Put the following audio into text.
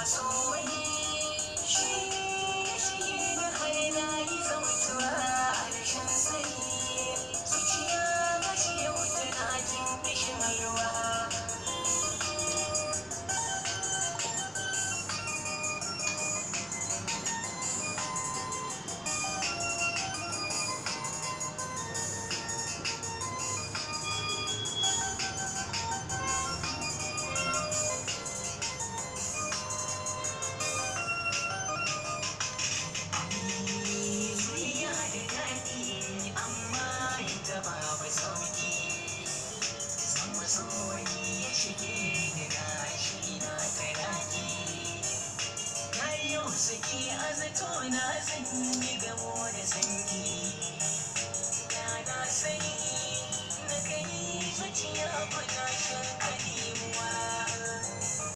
was always suke a zato na zan yi